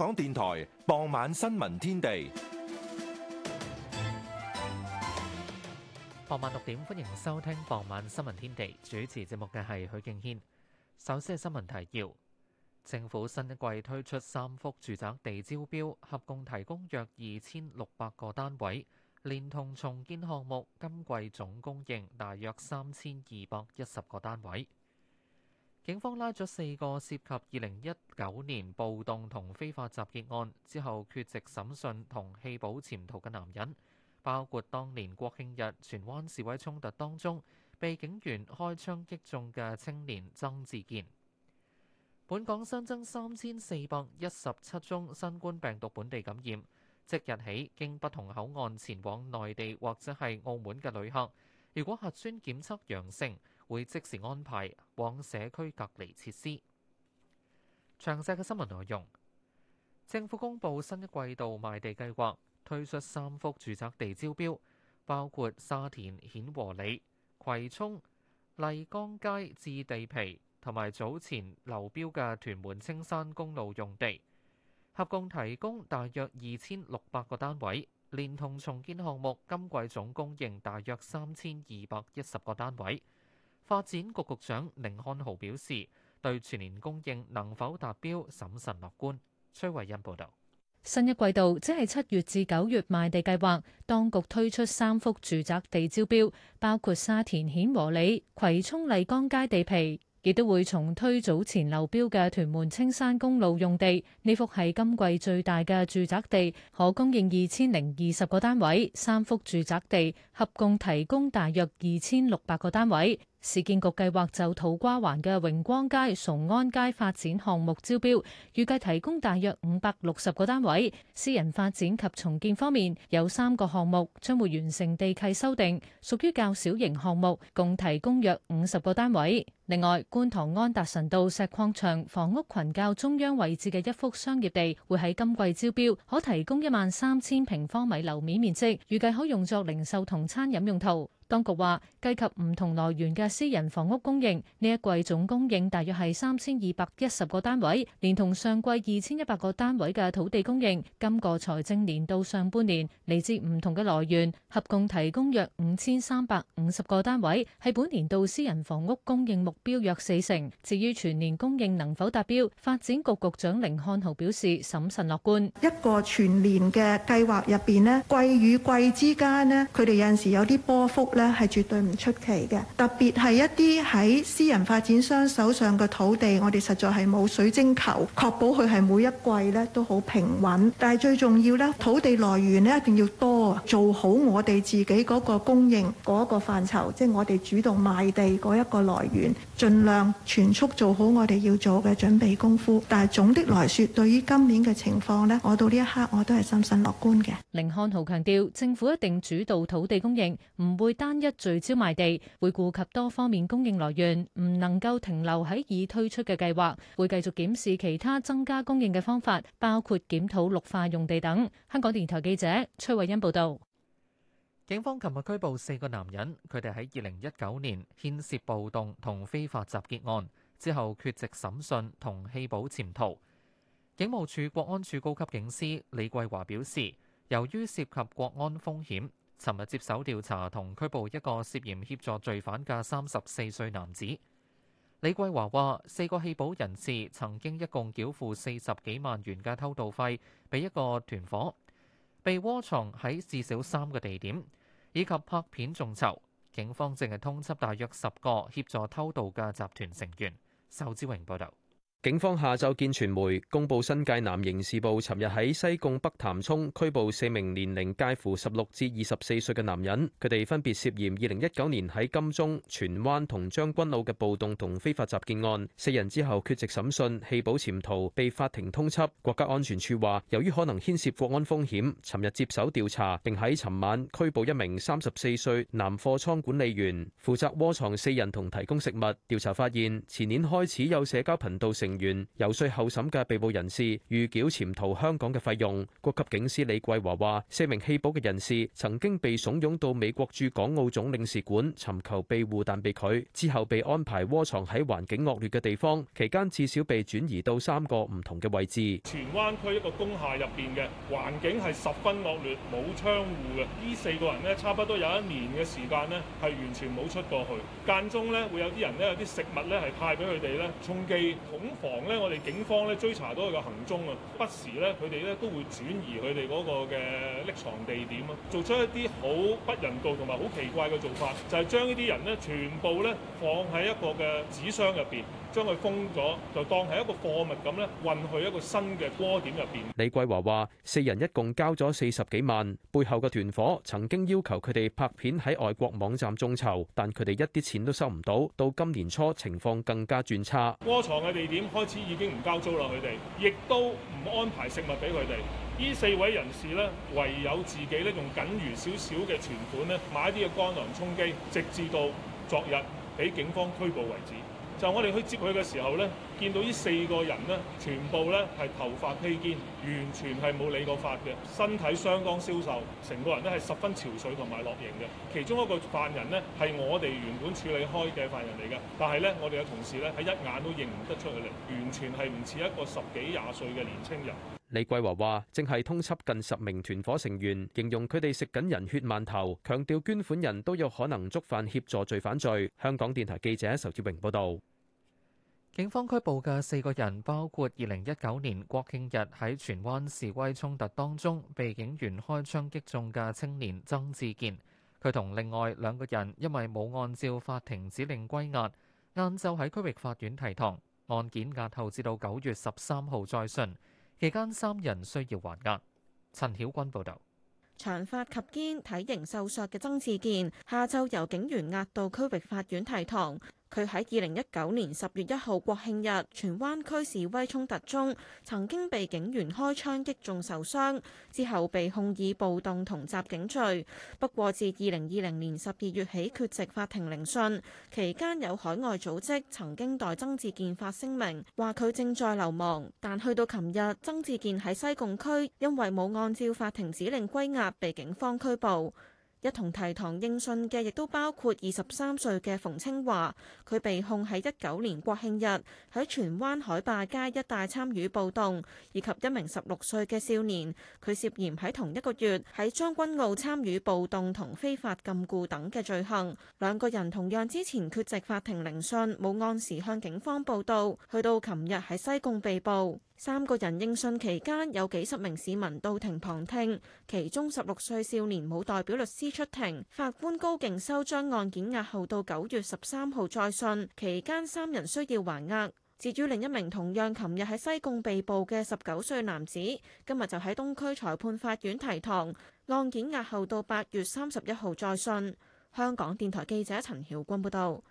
香港電台傍晚新聞天地，傍晚六點，歡迎收聽傍晚新聞天地，主持節目嘅係許敬軒。首先係新聞提要：政府新一季推出三幅住宅地招標，合共提供約二千六百個單位，連同重建項目，今季總供應大約三千二百一十個單位。警方拉咗四個涉及二零一九年暴動同非法集結案之後缺席審訊同棄保潛逃嘅男人，包括當年國慶日荃灣示威衝突當中被警員開槍擊中嘅青年曾志健。本港新增三千四百一十七宗新冠病毒本地感染。即日起經不同口岸前往內地或者係澳門嘅旅客，如果核酸檢測陽性，會即時安排往社區隔離設施。詳細嘅新聞內容，政府公布新一季度賣地計劃，推出三幅住宅地招標，包括沙田顯和里、葵涌麗江街至地皮，同埋早前流標嘅屯門青山公路用地，合共提供大約二千六百個單位，連同重建項目，今季總供應大約三千二百一十個單位。發展局局長寧漢豪表示，對全年供應能否達標審慎樂觀。崔慧欣報道，新一季度即係七月至九月賣地計劃，當局推出三幅住宅地招標，包括沙田顯和里、葵涌麗江街地皮，亦都會重推早前流標嘅屯門青山公路用地。呢幅係今季最大嘅住宅地，可供應二千零二十個單位。三幅住宅地合共提供大約二千六百個單位。市建局計劃就土瓜灣嘅榮光街、崇安街發展項目招標，預計提供大約五百六十個單位。私人發展及重建方面，有三個項目將會完成地契修訂，屬於較小型項目，共提供約五十個單位。另外，觀塘安達臣道石礦場房屋群較中央位置嘅一幅商業地會喺今季招標，可提供一萬三千平方米樓面面積，預計可用作零售同餐飲用途。當局話，計及唔同來源嘅私人房屋供應，呢一季總供應大約係三千二百一十個單位，連同上季二千一百個單位嘅土地供應，今個財政年度上半年嚟自唔同嘅來源，合共提供約五千三百五十個單位，係本年度私人房屋供應目標。標約四成。至於全年供應能否達標，發展局局長甯漢豪表示審慎樂觀。一個全年嘅計劃入邊咧，季與季之間咧，佢哋有陣時有啲波幅咧，係絕對唔出奇嘅。特別係一啲喺私人發展商手上嘅土地，我哋實在係冇水晶球，確保佢係每一季咧都好平穩。但係最重要咧，土地來源咧一定要多，做好我哋自己嗰個供應嗰一個範疇，即係我哋主動賣地嗰一個來源。儘量全速做好我哋要做嘅準備功夫，但係總的來說，對於今年嘅情況咧，我到呢一刻我都係深深樂觀嘅。甯漢豪強調，政府一定主導土地供應，唔會單一聚焦賣地，會顧及多方面供應來源，唔能夠停留喺已推出嘅計劃，會繼續檢視其他增加供應嘅方法，包括檢討綠化用地等。香港電台記者崔慧欣報道。警方琴日拘捕四個男人，佢哋喺二零一九年牽涉暴動同非法集結案，之後缺席審訊同棄保潛逃。警務處國安處高級警司李桂華表示，由於涉及國安風險，琴日接手調查同拘捕一個涉嫌協助罪犯嘅三十四歲男子。李桂華話：四個棄保人士曾經一共繳付四十幾萬元嘅偷渡費，俾一個團伙，被窩藏喺至少三個地點，以及拍片眾籌，警方正係通緝大約十個協助偷渡嘅集團成員，仇志榮報道。警方下晝見傳媒公布新界南刑事部尋日喺西貢北潭涌拘捕四名年齡介乎十六至二十四歲嘅男人，佢哋分別涉嫌二零一九年喺金鐘、荃灣同將軍澳嘅暴動同非法集結案。四人之後缺席審訊，棄保潛逃，被法庭通緝。國家安全處話，由於可能牽涉國安風險，尋日接手調查，並喺尋晚拘捕一名三十四歲男貨倉管理員，負責窩藏四人同提供食物。調查發現，前年開始有社交頻道成。成員游說候審嘅被捕人士預繳潛逃香港嘅費用。高級警司李桂華話：四名棄保嘅人士曾經被慫恿到美國駐港澳總領事館尋求庇護，但被拒，之後被安排窩藏喺環境惡劣嘅地方，期間至少被轉移到三個唔同嘅位置。荃灣區一個工廈入邊嘅環境係十分惡劣，冇窗戶嘅。呢四個人咧，差不多有一年嘅時間咧，係完全冇出過去，間中咧會有啲人咧，有啲食物咧係派俾佢哋咧充飢，統。防咧，我哋警方咧追查到佢嘅行蹤啊，不時咧佢哋咧都會轉移佢哋嗰個嘅匿藏地點啊，做出一啲好不人道同埋好奇怪嘅做法，就係將呢啲人咧全部咧放喺一個嘅紙箱入邊。將佢封咗，就當係一個貨物咁咧，運去一個新嘅窩點入邊。李桂華話：四人一共交咗四十幾萬，背後嘅團伙曾經要求佢哋拍片喺外國網站眾籌，但佢哋一啲錢都收唔到。到今年初情況更加轉差，窩藏嘅地點開始已經唔交租啦，佢哋亦都唔安排食物俾佢哋。呢四位人士呢，唯有自己呢，用僅餘少少嘅存款呢，買啲嘅乾糧充飢，直至到昨日被警方拘捕為止。就我哋去接佢嘅時候呢，見到呢四個人呢，全部呢，係頭髮披肩，完全係冇理過髮嘅，身體相當消瘦，成個人呢係十分憔悴同埋落形嘅。其中一個犯人呢，係我哋原本處理開嘅犯人嚟嘅，但係呢，我哋嘅同事呢，喺一眼都認唔得出佢嚟，完全係唔似一個十幾廿歲嘅年青人。李桂華話，正係通緝近十名團伙成員，形容佢哋食緊人血饅頭，強調捐款人都有可能觸犯協助罪犯罪。香港電台記者仇志榮報道。警方拘捕嘅四個人，包括二零一九年國慶日喺荃灣示威衝突當中被警員開槍擊中嘅青年曾志健。佢同另外兩個人因為冇按照法庭指令歸押，晏晝喺區域法院提堂，案件押後至到九月十三號再訊。期間三人需要還押。陳曉君報道：「長髮及肩、體型瘦削嘅曾志健，下晝由警員押到區域法院提堂。佢喺二零一九年十月一號國慶日荃灣區示威衝突中，曾經被警員開槍擊中受傷，之後被控以暴動同襲警罪。不過自二零二零年十二月起缺席法庭聆訊，期間有海外組織曾經代曾志健發聲明，話佢正在流亡。但去到琴日，曾志健喺西貢區因為冇按照法庭指令歸押，被警方拘捕。一同提堂應訊嘅，亦都包括二十三歲嘅馮清華，佢被控喺一九年國慶日喺荃灣海霸街一帶參與暴動，以及一名十六歲嘅少年，佢涉嫌喺同一個月喺將軍澳參與暴動同非法禁錮等嘅罪行。兩個人同樣之前缺席法庭聆訊，冇按時向警方報到，去到琴日喺西貢被捕。三個人應訊期間，有幾十名市民到庭旁聽，其中十六歲少年冇代表律師出庭。法官高敬修將案件押後到九月十三號再訊，期間三人需要還押。至於另一名同樣琴日喺西貢被捕嘅十九歲男子，今日就喺東區裁判法院提堂，案件押後到八月三十一號再訊。香港電台記者陳曉君報道。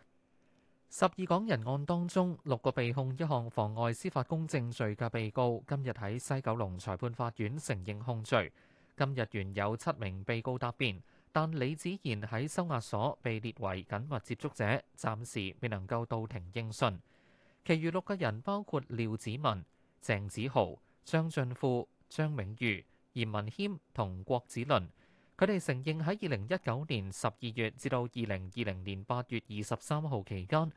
十二港人案當中，六個被控一項妨礙司法公正罪嘅被告，今日喺西九龍裁判法院承認控罪。今日原有七名被告答辯，但李子賢喺收押所被列為緊密接觸者，暫時未能夠到庭應訊。其餘六個人包括廖子文、鄭子豪、張俊富、張永瑜、嚴文謙同郭子麟，佢哋承認喺二零一九年十二月至到二零二零年八月二十三號期間，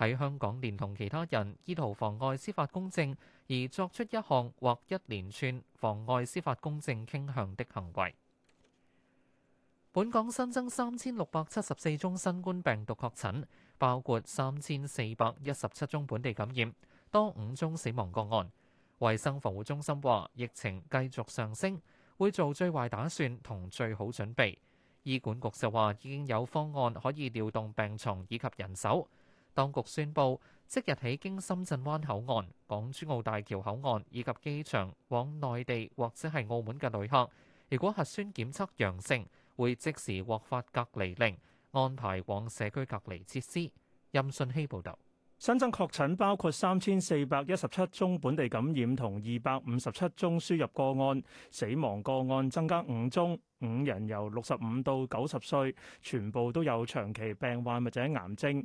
喺香港，連同其他人，意圖妨礙司法公正而作出一項或一連串妨礙司法公正傾向的行為。本港新增三千六百七十四宗新冠病毒確診，包括三千四百一十七宗本地感染，多五宗死亡個案。衛生防護中心話疫情繼續上升，會做最壞打算同最好準備。醫管局就話已經有方案可以調動病床以及人手。當局宣布即日起，經深圳灣口岸、港珠澳大橋口岸以及機場往內地或者係澳門嘅旅客，如果核酸檢測陽性，會即時獲發隔離令，安排往社區隔離設施。任信希報導，新增確診包括三千四百一十七宗本地感染同二百五十七宗輸入個案，死亡個案增加五宗，五人由六十五到九十歲，全部都有長期病患或者癌症。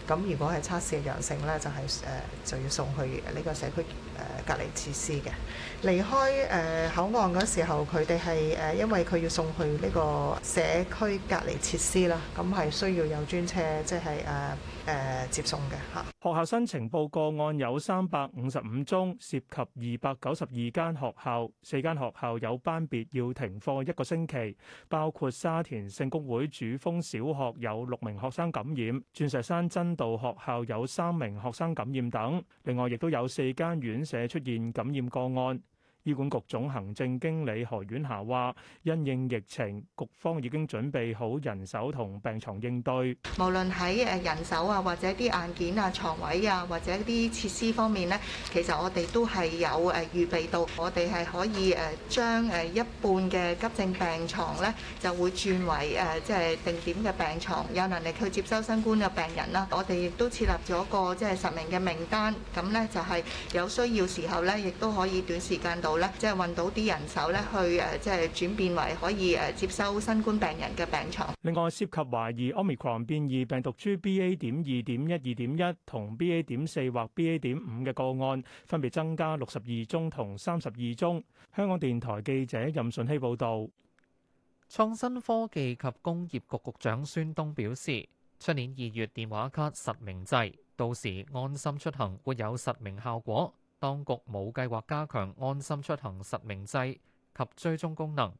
咁如果係測試陽性咧，就係、是、誒就要送去呢個社區誒隔離設施嘅。離開誒口岸時候，佢哋係誒因為佢要送去呢個社區隔離設施啦，咁係需要有專車，即係誒誒接送嘅吓。學校申請報個案有三百五十五宗，涉及二百九十二間學校，四間學校有班別要停課一個星期，包括沙田聖公會主峰小學有六名學生感染，鑽石山真。度學校有三名學生感染等，另外亦都有四間院舍出現感染個案。醫管局總行政經理何婉霞話，因應疫情，局方已經準備好人手同病床應對。無論喺誒人手啊，或者啲硬件啊、床位啊，或者啲設施方面呢，其實我哋都係有誒預備到，我哋係可以誒將誒一半嘅急症病床咧，就會轉為誒即係定點嘅病床，有能力去接收新冠嘅病人啦。我哋亦都設立咗個即係實名嘅名單，咁咧就係有需要時候咧，亦都可以短時間到。咧，即係揾到啲人手咧，去誒，即係轉變為可以誒接收新冠病人嘅病牀。另外，涉及懷疑 Omicron 變異病毒株 BA. 點二點一、二點一同 BA. 點四或 BA. 點五嘅個案，分別增加六十二宗同三十二宗。香港電台記者任順希報導。創新科技及工業局局長孫東表示，出年二月電話卡實名制，到時安心出行會有實名效果。當局冇計劃加強安心出行實名制及追蹤功能。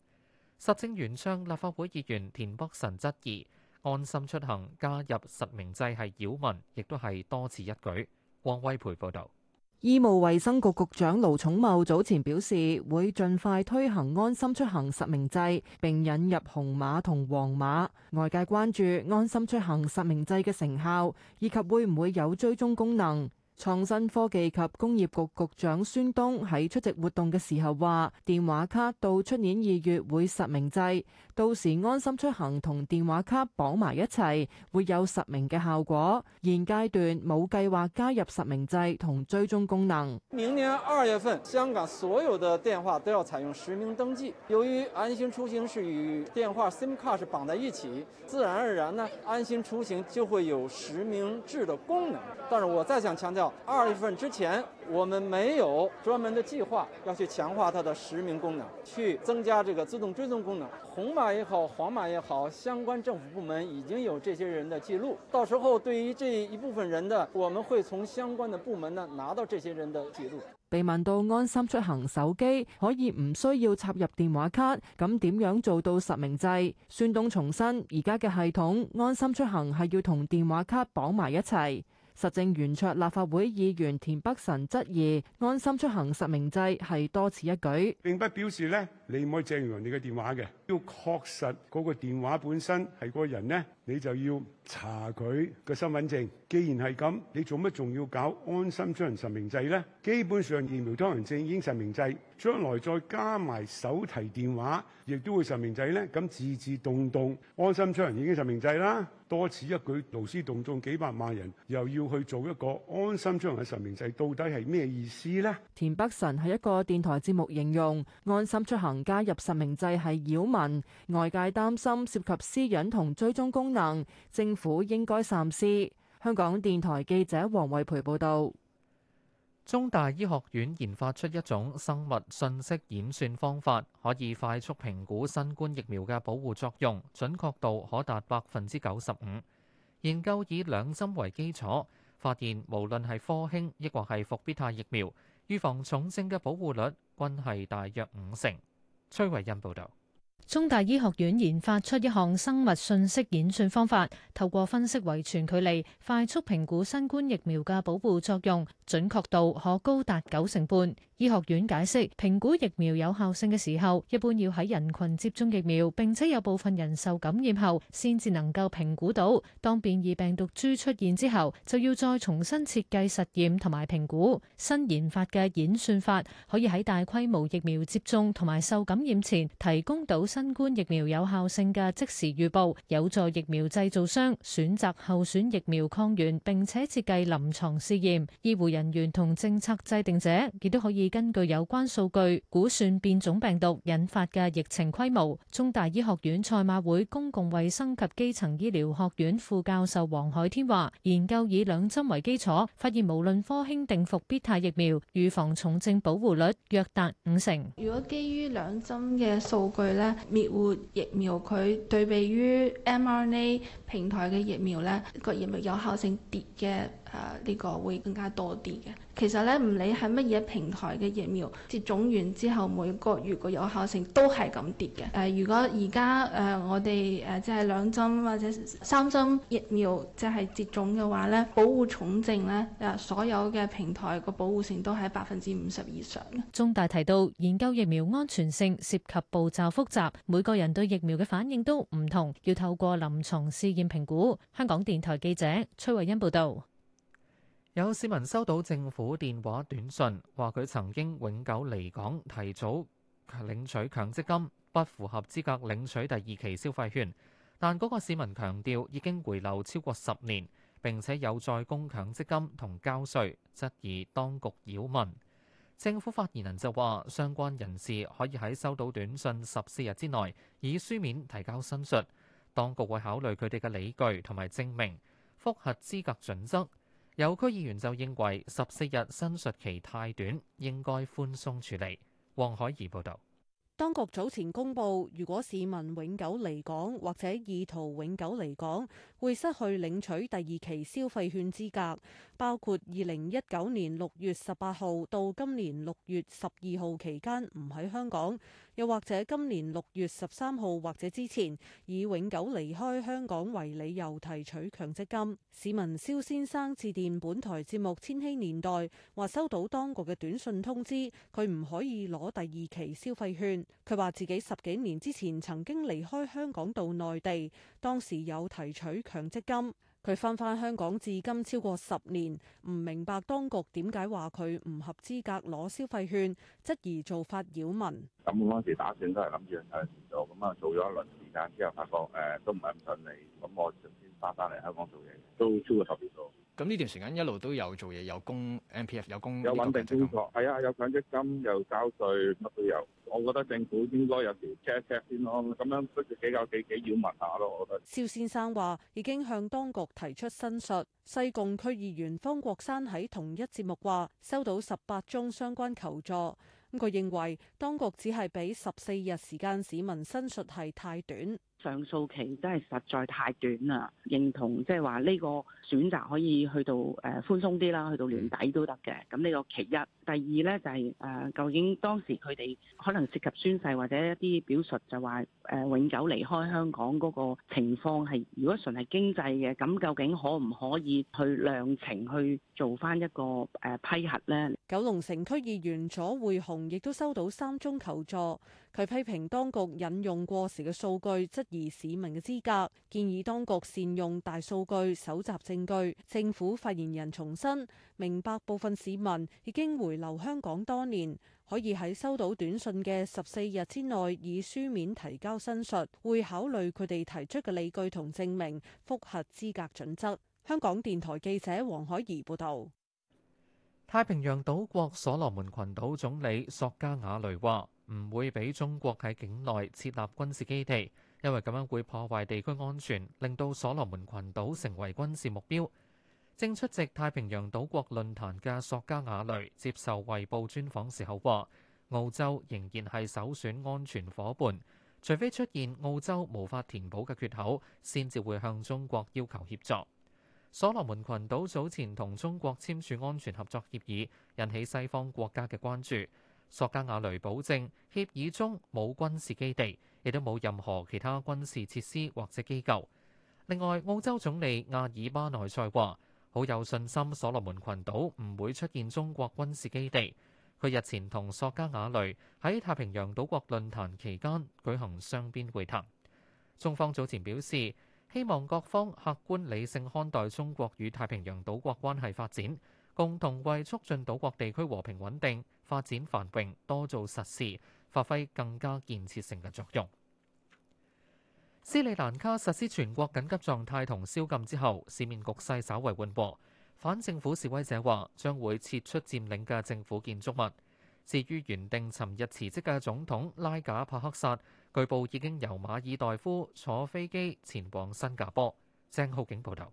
實政圓桌立法會議員田北辰質疑安心出行加入實名制係擾民，亦都係多此一舉。汪威培報道，醫務衛生局局長盧寵茂早前表示會盡快推行安心出行實名制並引入紅馬同黃馬。外界關注安心出行實名制嘅成效以及會唔會有追蹤功能。創新科技及工業局局長孫東喺出席活動嘅時候話：電話卡到出年二月會實名制，到時安心出行同電話卡綁埋一齊，會有實名嘅效果。現階段冇計劃加入實名制同追蹤功能。明年二月份，香港所有的電話都要採用實名登記。由於安心出行是與電話 SIM 卡是綁在一起，自然而然呢，安心出行就會有實名制的功能。但是我再想強調。二月份之前，我們沒有專門的計劃要去強化它的實名功能，去增加這個自動追蹤功能。紅碼也好，黃碼也好，相關政府部門已經有這些人的記錄。到時候，對於這一部分人的，我們會從相關的部門呢拿到這些人的記錄。被問到安心出行手機可以唔需要插入電話卡，咁點樣做到實名制？孫東重申，而家嘅系統安心出行係要同電話卡綁埋一齊。實政圓桌立法會議員田北辰質疑安心出行實名制係多此一舉，並不表示你唔可以借用人哋嘅電話嘅，要確實嗰個電話本身係嗰個人咧，你就要查佢嘅身份證。既然係咁，你做乜仲要搞安心出行實名制呢？基本上，疫苗通行證已經實名制，將來再加埋手提電話，亦都會實名制呢。咁自自動動安心出行已經實名制啦，多此一舉，勞師動眾幾百萬人又要去做一個安心出行嘅實名制，到底係咩意思呢？田北辰喺一個電台節目形容安心出行加入實名制係擾民，外界擔心涉及私隱同追蹤功能，政府應該三思。香港電台記者黃慧培報道：中大醫學院研發出一種生物信息演算方法，可以快速評估新冠疫苗嘅保護作用，準確度可達百分之九十五。研究以兩針為基礎，發現無論係科興抑或係復必泰疫苗，預防重症嘅保護率均係大約五成。崔偉恩報道。中大醫學院研發出一項生物信息演算方法，透過分析遺傳距離，快速評估新冠疫苗嘅保護作用，準確度可高達九成半。醫學院解釋，評估疫苗有效性嘅時候，一般要喺人群接種疫苗，並且有部分人受感染後，先至能夠評估到。當變異病毒株出現之後，就要再重新設計實驗同埋評估。新研發嘅演算法可以喺大規模疫苗接種同埋受感染前提供到。新冠疫苗有效性嘅即時預報，有助疫苗製造商選擇候選疫苗抗原，並且設計臨床試驗。醫護人員同政策制定者，亦都可以根據有關數據估算變種病毒引發嘅疫情規模。中大醫學院賽馬會公共衛生及基層醫療學院副教授黃海天話：研究以兩針為基礎，發現無論科興定復必泰疫苗，預防重症保護率約達五成。如果基於兩針嘅數據咧。滅活疫苗佢對比於 mRNA，平台嘅疫苗咧，個疫苗有效性跌嘅，誒呢個會更加多啲嘅。其實咧，唔理係乜嘢平台嘅疫苗，接種完之後每個月個有效性都係咁跌嘅。誒、呃、如果而家誒我哋誒、呃、即係兩針或者三針疫苗即係接種嘅話咧，保護重症咧，誒、呃、所有嘅平台個保護性都喺百分之五十以上嘅。中大提到，研究疫苗安全性涉及步驟複，複，複雜，每個人對疫苗嘅反應都唔同，要透過臨床試驗。評估。香港電台記者崔慧欣報道，有市民收到政府電話短信，話佢曾經永久離港，提早領取強積金，不符合資格領取第二期消費券。但嗰個市民強調，已經回流超過十年，並且有在供強積金同交稅，質疑當局擾民。政府發言人就話，相關人士可以喺收到短信十四日之內，以書面提交申述。當局會考慮佢哋嘅理據同埋證明，複核資格準則。有區議員就認為十四日申述期太短，應該寬鬆處理。黃海怡報導。當局早前公布，如果市民永久離港或者意圖永久離港，會失去領取第二期消費券資格，包括二零一九年六月十八號到今年六月十二號期間唔喺香港，又或者今年六月十三號或者之前以永久離開香港為理由提取強積金。市民蕭先生致電本台節目《千禧年代》，話收到當局嘅短信通知，佢唔可以攞第二期消費券。佢話自己十幾年之前曾經離開香港到內地，當時有提取。強積金，佢翻返香港至今超過十年，唔明白當局點解話佢唔合資格攞消費券，質疑做法擾民。咁嗰時打算都係諗住誒做，咁啊做咗一輪時間之後，發覺、呃、都唔係咁順利，咁我就先翻翻嚟香港做嘢，都超過十年度。咁呢段時間一路都有做嘢，有供 M P F，有供有穩定工作，係啊，有強積金，又交稅乜都有。我覺得政府應該有時 check check 先咯，咁樣住幾有幾幾擾民下咯。我覺得。蕭先生話已經向當局提出申述。西貢區議員方國山喺同一節目話收到十八宗相關求助。咁佢認為當局只係俾十四日時間市民申述係太短。上訴期真係實在太短啦！認同，即係話呢個選擇可以去到誒寬鬆啲啦，去到年底都得嘅。咁呢個其一，第二呢、就是，就係誒究竟當時佢哋可能涉及宣誓或者一啲表述就，就話誒永久離開香港嗰個情況係，如果純係經濟嘅，咁究竟可唔可以去量程去做翻一個誒批核呢？九龍城區議員左匯雄亦都收到三宗求助，佢批評當局引用過時嘅數據，則。而市民嘅資格，建議當局善用大數據搜集證據，政府發言人重申，明白部分市民已經回流香港多年，可以喺收到短信嘅十四日之內以書面提交申述，會考慮佢哋提出嘅理據同證明，複核資格準則。香港電台記者黃海怡報道。太平洋島國所羅門群島總理索加瓦雷話唔會俾中國喺境內設立軍事基地。因為咁樣會破壞地區安全，令到所羅門群島成為軍事目標。正出席太平洋島國論壇嘅索加瓦雷接受《衞報》專訪時候話：澳洲仍然係首選安全伙伴，除非出現澳洲無法填補嘅缺口，先至會向中國要求協助。所羅門群島早前同中國簽署安全合作協議，引起西方國家嘅關注。索加瓦雷保證協議中冇軍事基地。亦都冇任何其他軍事設施或者機構。另外，澳洲總理阿爾巴內塞話：好有信心，所羅門群島唔會出現中國軍事基地。佢日前同索加瓦雷喺太平洋島國論壇期間舉行雙邊會談。中方早前表示，希望各方客觀理性看待中國與太平洋島國關係發展，共同為促進島國地區和平穩定、發展繁榮多做實事。發揮更加建設性嘅作用。斯里蘭卡實施全國緊急狀態同宵禁之後，市面局勢稍為緩和。反政府示威者話將會撤出佔領嘅政府建築物。至於原定尋日辭職嘅總統拉賈帕克薩，據報已經由馬爾代夫坐飛機前往新加坡。鄭浩景報道。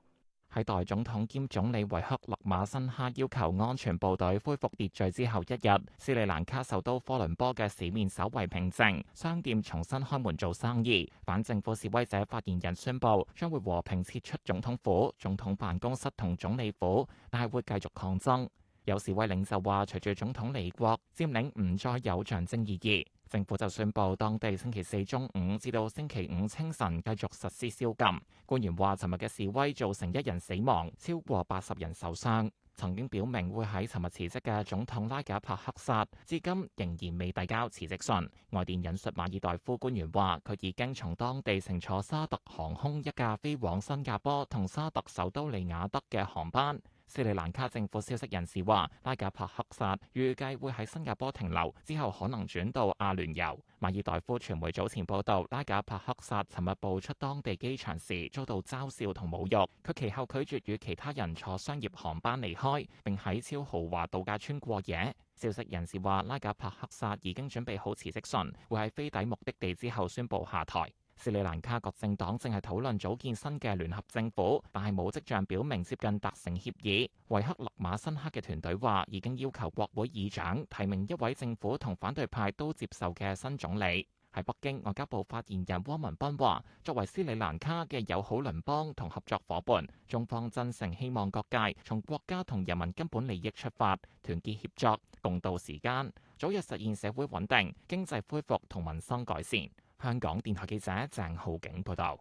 喺代總統兼總理維克勒馬辛哈要求安全部隊恢復秩，秩序之後一日，斯里蘭卡首都科倫坡嘅市面稍為平靜，商店重新開門做生意。反政府示威者發言人宣布將會和平撤出總統府、總統辦公室同總理府，但係會繼續抗爭。有示威領袖話：隨住總統離國，佔領唔再有象徵意義。政府就宣布，當地星期四中午至到星期五清晨繼續實施宵禁。官員話尋日嘅示威造成一人死亡，超過八十人受傷，曾經表明會喺尋日辭職嘅總統拉賈帕克薩至今仍然未遞交辭職信。外電引述馬爾代夫官員話，佢已經從當地乘坐沙特航空一架飛往新加坡同沙特首都利雅德嘅航班。斯里蘭卡政府消息人士話，拉賈帕克薩預計會喺新加坡停留，之後可能轉到阿聯酋。馬爾代夫傳媒早前報道，拉賈帕克薩尋日步出當地機場時遭到嘲笑同侮辱，佢其後拒絕與其他人坐商業航班離開，並喺超豪華度假村過夜。消息人士話，拉賈帕克薩已經準備好辭職信，會喺飛抵目的地之後宣布下台。斯里蘭卡各政黨正係討論組建新嘅聯合政府，但係冇跡象表明接近達成協議。維克勒馬辛克嘅團隊話，已經要求國會議長提名一位政府同反對派都接受嘅新總理。喺北京，外交部發言人汪文斌話：作為斯里蘭卡嘅友好鄰邦同合作伙伴，中方真誠希望各界從國家同人民根本利益出發，團結協作，共度時艱，早日實現社會穩定、經濟恢復同民生改善。香港電台記者鄭浩景報道。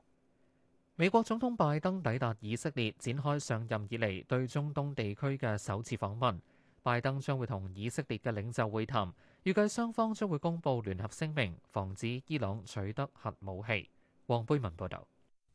美國總統拜登抵達以色列，展開上任以嚟對中東地區嘅首次訪問。拜登將會同以色列嘅領袖會談，預計雙方將會公布聯合聲明，防止伊朗取得核武器。黃貝文報道。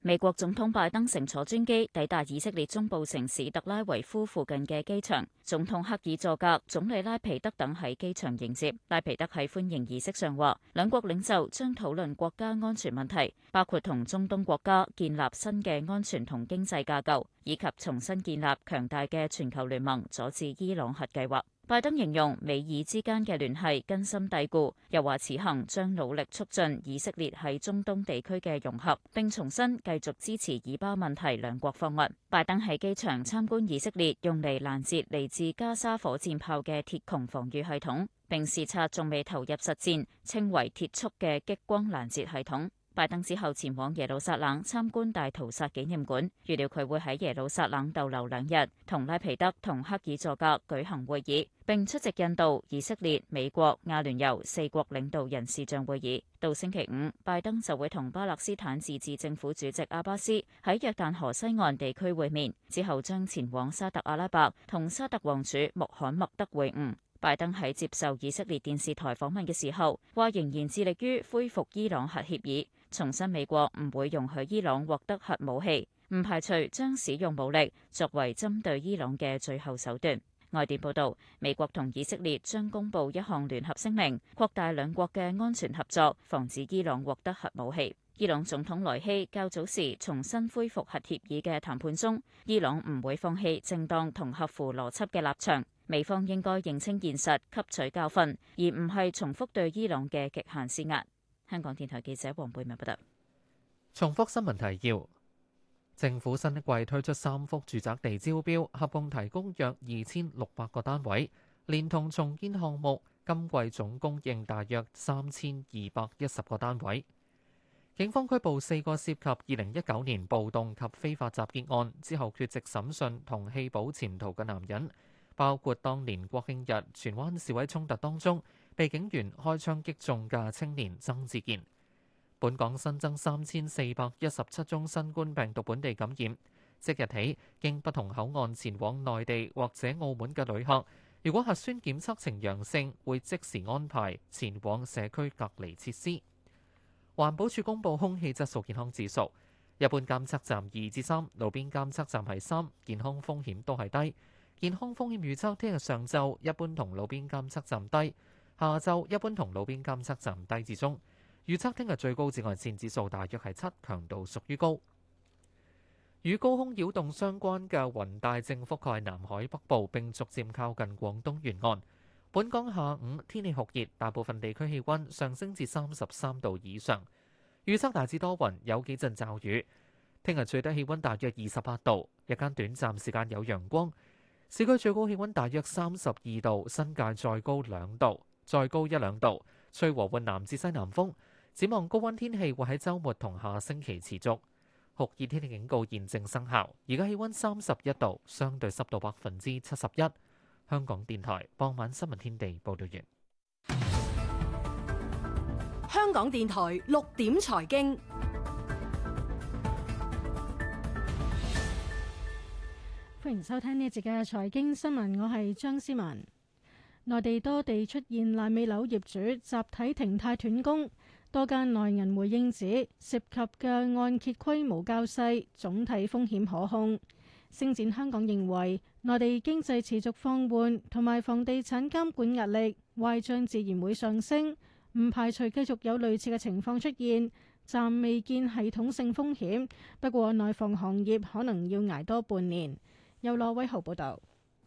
美國總統拜登乘坐專機抵達以色列中部城市特拉維夫附近嘅機場，總統赫爾佐格、總理拉皮德等喺機場迎接。拉皮德喺歡迎儀式上話，兩國領袖將討論國家安全問題，包括同中東國家建立新嘅安全同經濟架構，以及重新建立強大嘅全球聯盟，阻止伊朗核計劃。拜登形容美以之間嘅聯繫根深蒂固，又話此行將努力促進以色列喺中東地區嘅融合，並重新繼續支持以巴問題兩國方案。拜登喺機場參觀以色列用嚟攔截嚟自加沙火箭炮嘅鐵穹防禦系統，並視察仲未投入實戰，稱為鐵束嘅激光攔截系統。.拜登之後前往耶路撒冷參觀大屠殺紀念館，預料佢會喺耶路撒冷逗留兩日，同拉皮德同赫爾佐格舉行會議，並出席印度、以色列、美國、阿聯酋四國領導人視像會議。到星期五，拜登就會同巴勒斯坦自治政府主席阿巴斯喺約旦河西岸地區會面，之後將前往沙特阿拉伯同沙特王儲穆罕默德會晤。拜登喺接受以色列電視台訪問嘅時候話，仍然致力於恢復伊朗核協議。重申美國唔會容許伊朗獲得核武器，唔排除將使用武力作為針對伊朗嘅最後手段。外電報道，美國同以色列將公布一項聯合聲明，擴大兩國嘅安全合作，防止伊朗獲得核武器。伊朗總統萊希較早時重新恢復核協議嘅談判中，伊朗唔會放棄正當同合乎邏輯嘅立場。美方應該認清現實，吸取教訓，而唔係重複對伊朗嘅極限施壓。香港電台記者王貝文報道。重複新聞提要：政府新一季推出三幅住宅地招標，合共提供約二千六百個單位，連同重建項目，今季總供應大約三千二百一十個單位。警方拘捕四個涉及二零一九年暴動及非法集結案之後缺席審訊同棄保潛逃嘅男人，包括當年國慶日荃灣示威衝突當中。被警員開槍擊中嘅青年曾志健。本港新增三千四百一十七宗新冠病毒本地感染。即日起，經不同口岸前往內地或者澳門嘅旅客，如果核酸檢測呈陽性，會即時安排前往社區隔離設施。環保署公布空氣質素健康指數，一般監測站二至三，3，路邊監測站係三，健康風險都係低。健康風險預測聽日上晝一般同路邊監測站低。下晝一般同路邊監測站低至中。預測聽日最高紫外線指數大約係七，強度屬於高。與高空擾動相關嘅雲帶正覆蓋南海北部，並逐漸靠近廣東沿岸。本港下午天氣酷熱，大部分地區氣溫上升至三十三度以上。預測大致多雲，有幾陣驟雨。聽日最低氣溫大約二十八度，日間短暫時間有陽光。市區最高氣溫大約三十二度，新界再高兩度。再高一兩度，吹和緩南至西南風，展望高溫天氣會喺周末同下星期持續。酷熱天氣警告現正生效，而家氣溫三十一度，相對濕度百分之七十一。香港電台傍晚新聞天地報道完。香港電台六點財經，歡迎收聽呢一節嘅財經新聞，我係張思文。內地多地出現爛尾樓業主集體停貸斷供，多間內銀回應指涉及嘅按揭規模較細，總體風險可控。星展香港認為內地經濟持續放緩同埋房地產監管壓力，壞賬自然會上升，唔排除繼續有類似嘅情況出現，暫未見系統性風險。不過內房行業可能要捱多半年。由羅偉豪報道。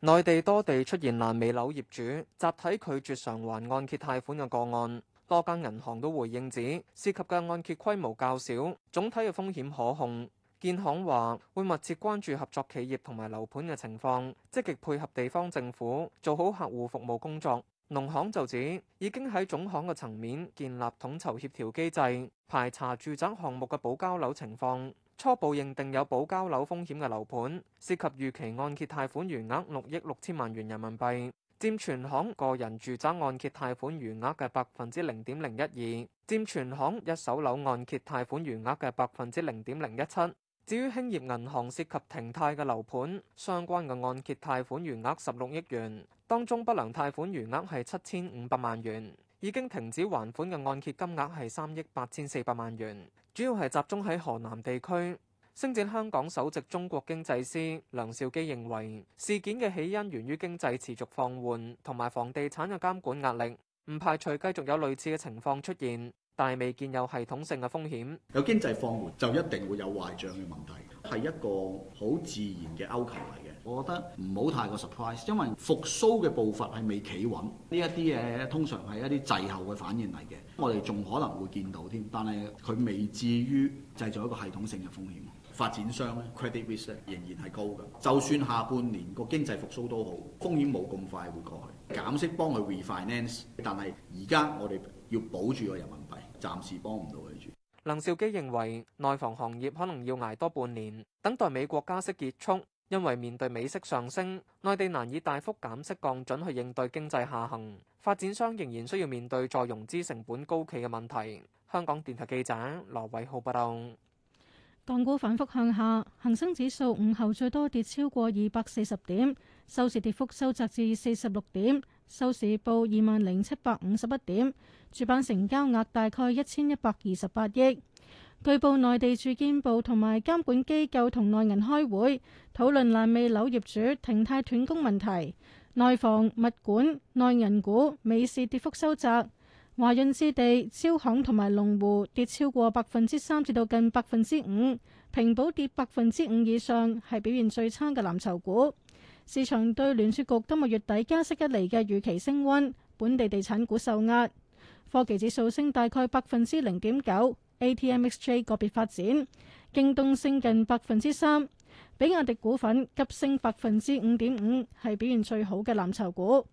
內地多地出現爛尾樓業主集體拒絕償還按揭貸款嘅個案，多間銀行都回應指涉及嘅按揭規模較少，總體嘅風險可控。建行話會密切關注合作企業同埋樓盤嘅情況，積極配合地方政府做好客戶服務工作。農行就指已經喺總行嘅層面建立統籌協調機制，排查住宅項目嘅補交樓情況。初步認定有保交樓風險嘅樓盤，涉及預期按揭貸款餘額六億六千萬元人民幣，佔全行個人住宅按揭貸款餘額嘅百分之零點零一二，佔全行一手樓按揭貸款餘額嘅百分之零點零一七。至於興業銀行涉及停貸嘅樓盤，相關嘅按揭貸款餘額十六億元，當中不良貸款餘額係七千五百萬元。已經停止還款嘅按揭金額係三億八千四百萬元，主要係集中喺河南地區。星展香港首席中國經濟師梁兆基認為，事件嘅起因源於經濟持續放緩同埋房地產嘅監管壓力，唔排除繼續有類似嘅情況出現，但未見有系統性嘅風險。有經濟放緩就一定會有壞賬嘅問題，係一個好自然嘅勾結嚟嘅。我覺得唔好太過 surprise，因為復甦嘅步伐係未企穩，呢一啲嘢通常係一啲滯後嘅反應嚟嘅，我哋仲可能會見到添，但係佢未至於製造一個系統性嘅風險。發展商咧 credit risk 仍然係高嘅，就算下半年個經濟復甦都好，風險冇咁快會過去。減息幫佢 refinance，但係而家我哋要保住個人民幣，暫時幫唔到佢住。林兆基認為內房行業可能要捱多半年，等待美國加息結束。因為面對美息上升，內地難以大幅減息降準去應對經濟下行，發展商仍然需要面對再融資成本高企嘅問題。香港電台記者羅偉浩報道，港股反覆向下，恒生指數午後最多跌超過二百四十點，收市跌幅收窄至四十六點，收市報二萬零七百五十一點，主板成交額大概一千一百二十八億。據報，內地住建部同埋監管機構同內銀開會討論爛尾樓業主停貸斷供問題。內房物管內銀股尾市跌幅收窄，華潤置地、招行同埋龍湖跌超過百分之三至到近百分之五，平保跌百分之五以上，係表現最差嘅藍籌股。市場對聯儲局今個月底加息一厘嘅預期升溫，本地地產股受壓，科技指數升大概百分之零點九。A.T.M.X.J 個別發展，京東升近百分之三，比亞迪股份急升百分之五點五，係表現最好嘅藍籌股。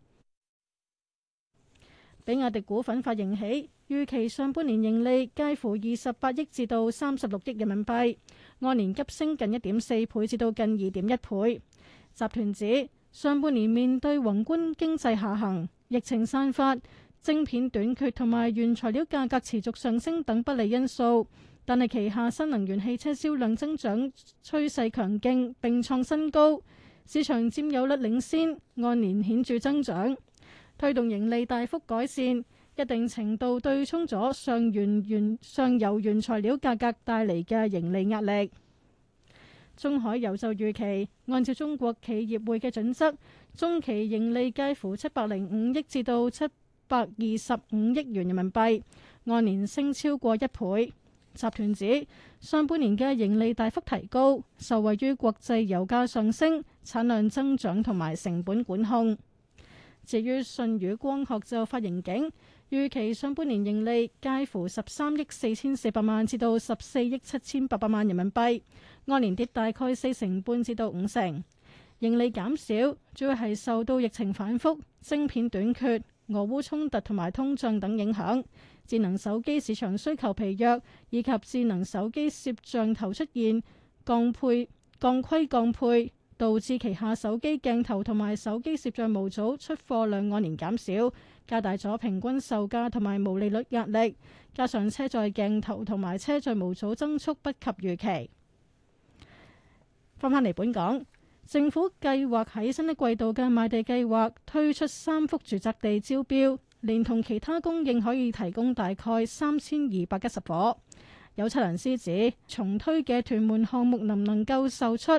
比亞迪股份發盈喜，預期上半年盈利介乎二十八億至到三十六億人民幣，按年急升近一點四倍至到近二點一倍。集團指上半年面對宏觀經濟下行、疫情散發。芯片短缺同埋原材料價格持續上升等不利因素，但係旗下新能源汽車銷量增長趨勢強勁，並創新高，市場佔有率領先，按年顯著增長，推動盈利大幅改善，一定程度對沖咗上原原上游原材料價格帶嚟嘅盈利壓力。中海油就預期，按照中國企業會嘅準則，中期盈利介乎七百零五億至到七百二十五億元人民幣，按年升超過一倍。集團指上半年嘅盈利大幅提高，受惠於國際油價上升、產量增長同埋成本管控。至於舜宇光學就發盈警，預期上半年盈利介乎十三億四千四百萬至到十四億七千八百萬人民幣，按年跌大概四成半至到五成。盈利減少主要係受到疫情反覆、晶片短缺，俄烏衝突同埋通脹等影響，智能手機市場需求疲弱，以及智能手機攝像頭出現降配、降規、降配，導致旗下手機鏡頭同埋手機攝像模組出貨量按年減少，加大咗平均售價同埋毛利率壓力。加上車載鏡頭同埋車載模組增速不及預期。翻返嚟本港。政府計劃喺新一季度嘅賣地計劃推出三幅住宅地招標，連同其他供應可以提供大概三千二百一十伙。有測量師指重推嘅屯門項目能唔能夠售出，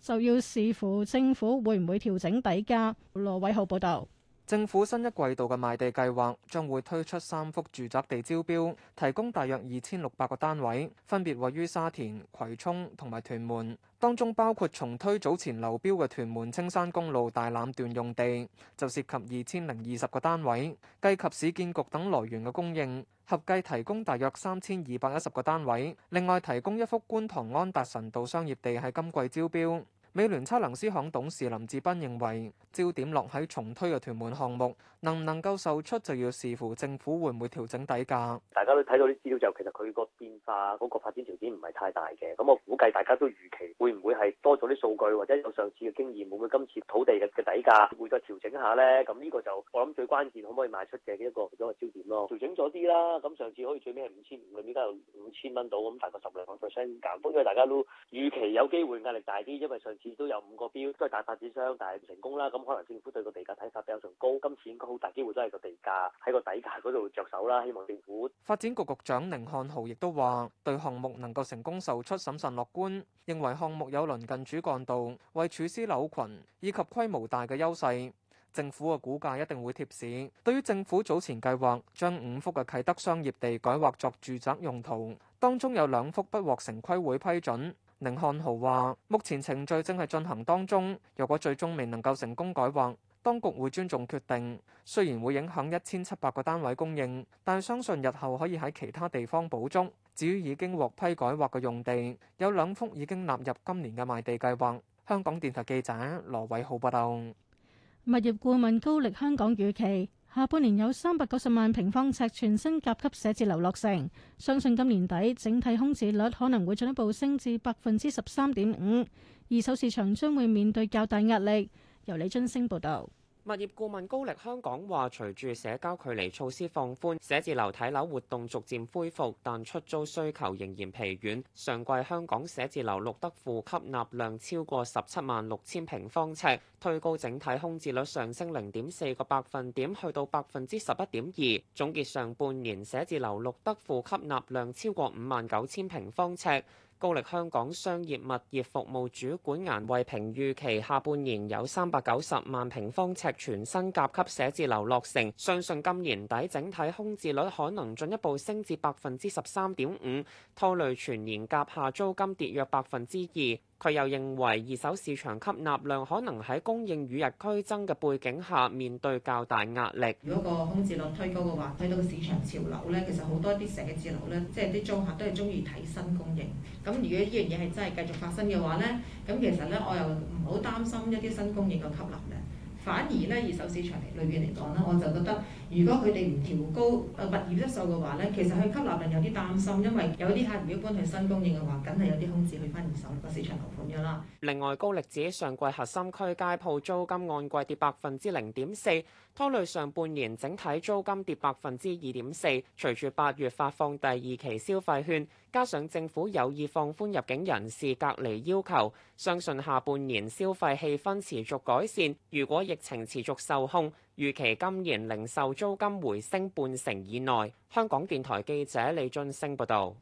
就要視乎政府會唔會調整底價。羅偉浩報導。政府新一季度嘅賣地計劃將會推出三幅住宅地招標，提供大約二千六百個單位，分別位於沙田、葵涌同埋屯門，當中包括重推早前流標嘅屯門青山公路大欖段用地，就涉及二千零二十個單位，計及市建局等來源嘅供應，合計提供大約三千二百一十個單位。另外，提供一幅觀塘安達臣道商業地係今季招標。美聯測量師行董事林志斌認為，焦點落喺重推嘅屯門項目，能唔能夠售出就要視乎政府會唔會調整底價。大家都睇到啲資料就，其實佢個變化嗰個發展條件唔係太大嘅。咁我估計大家都預期會唔會係多咗啲數據，或者有上次嘅經驗，會唔會今次土地嘅嘅底價會再調整下咧？咁呢個就我諗最關鍵，可唔可以賣出嘅一個咁嘅焦點咯。調整咗啲啦，咁上次可以最尾係五千五，咁依家有五千蚊到，咁大概十兩 percent 減，因為大家都預期有機會壓力大啲，因為上。次都有五個標，都係大發展商，但係唔成功啦。咁可能政府對個地價睇法比較上高，今次應該好大機會都係個地價喺個底價嗰度着手啦。希望政府發展局局長寧漢豪亦都話，對項目能夠成功售出，審慎樂觀，認為項目有鄰近主幹道、為處私樓羣以及規模大嘅優勢，政府嘅估價一定會貼市。對於政府早前計劃將五幅嘅啟德商業地改劃作住宅用途，當中有兩幅不獲城規會批准。凌漢豪話目前程序正係進行當中，若果最終未能夠成功改劃，當局會尊重決定。雖然會影響一千七百個單位供應，但相信日後可以喺其他地方補足。至於已經獲批改劃嘅用地，有兩幅已經納入今年嘅賣地計劃。香港電台記者羅偉浩報道。物業顧問高力香港預期。下半年有三百九十萬平方尺全新甲級寫字樓落成，相信今年底整體空置率可能會進一步升至百分之十三點五，二手市場將會面對較大壓力，由李津升報道。物業顧問高力香港話，隨住社交距離措施放寬，寫字樓睇樓活動逐漸恢復，但出租需求仍然疲軟。上季香港寫字樓錄得負吸納量超過十七萬六千平方尺，推高整體空置率上升零點四個百分點，去到百分之十一點二。總結上半年寫字樓錄得負吸納量超過五萬九千平方尺。高力香港商業物業服務主管顏惠平預期下半年有三百九十萬平方尺全新甲級寫字樓落成，相信今年底整體空置率可能進一步升至百分之十三點五，拖累全年甲下租金跌約百分之二。佢又認為二手市場吸納量可能喺供應與日俱增嘅背景下面對較大壓力。如果個空置率推高嘅話，睇到個市場潮流呢，其實好多啲寫字樓呢，即係啲租客都係中意睇新供應。咁如果依樣嘢係真係繼續發生嘅話呢，咁其實呢，我又唔好擔心一啲新供應嘅吸納量。反而咧，二手市場裏邊嚟講咧，我就覺得，如果佢哋唔調高誒物業質素嘅話咧，其實去吸納人有啲擔心，因為有啲客如果搬去新供應嘅話，梗係有啲空置去翻二手市場樓盤啦。另外，高力指上季核心區街鋪租金按季跌百分之零點四，拖累上半年整體租金跌百分之二點四。隨住八月發放第二期消費券，加上政府有意放寬入境人士隔離要求。相信下半年消費氣氛持續改善，如果疫情持續受控，預期今年零售租金回升半成以內。香港電台記者李俊升報道，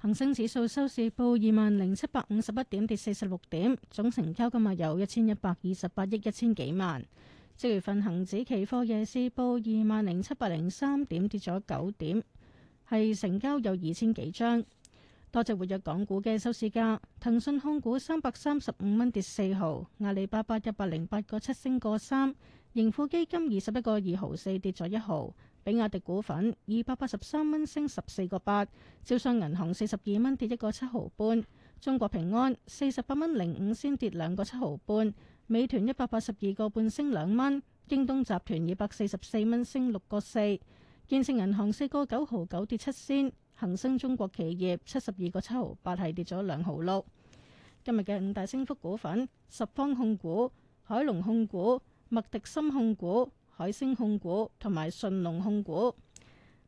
恒生指數收市報二萬零七百五十一點，跌四十六點，總成交金額有一千一百二十八億一千幾萬。即月份恒指期貨夜市報二萬零七百零三點，跌咗九點，係成交有二千幾張。多隻活躍港股嘅收市價，騰訊控股三百三十五蚊跌四毫，阿里巴巴一百零八個七升個三，盈富基金二十一個二毫四跌咗一毫，比亞迪股份二百八十三蚊升十四個八，招商銀行四十二蚊跌一個七毫半，中國平安四十八蚊零五先跌兩個七毫半，美團一百八十二個半升兩蚊，京東集團二百四十四蚊升六個四，建設銀行四個九毫九跌七仙。恒生中國企業七十二個七毫八，係跌咗兩毫六。今日嘅五大升幅股份：十方控股、海龍控股、麥迪森控股、海星控股同埋順龍控股。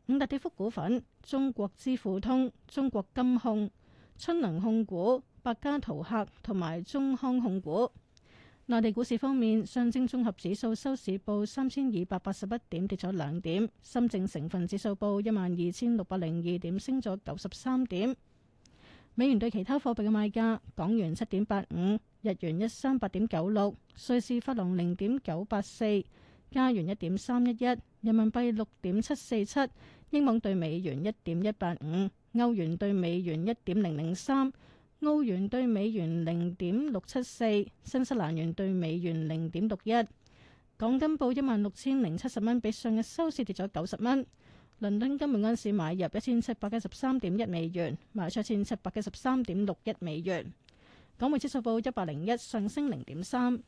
五大跌幅股份：中國支付通、中國金控、春能控股、百家圖客同埋中康控股。內地股市方面，上證綜合指數收市報三千二百八十一點，跌咗兩點；深證成分指數報一萬二千六百零二點，升咗九十三點。美元對其他貨幣嘅賣價：港元七點八五，日元一三八點九六，瑞士法郎零點九八四，加元一點三一一，人民幣六點七四七，英鎊對美元一點一八五，歐元對美元一點零零三。歐元兌美元零點六七四，新西蘭元兌美元零點六一，港金報一萬六千零七十蚊，比上日收市跌咗九十蚊。倫敦金每盎司買入一千七百一十三點一美元，賣出一千七百一十三點六一美元。港匯指數報一百零一，上升零點三。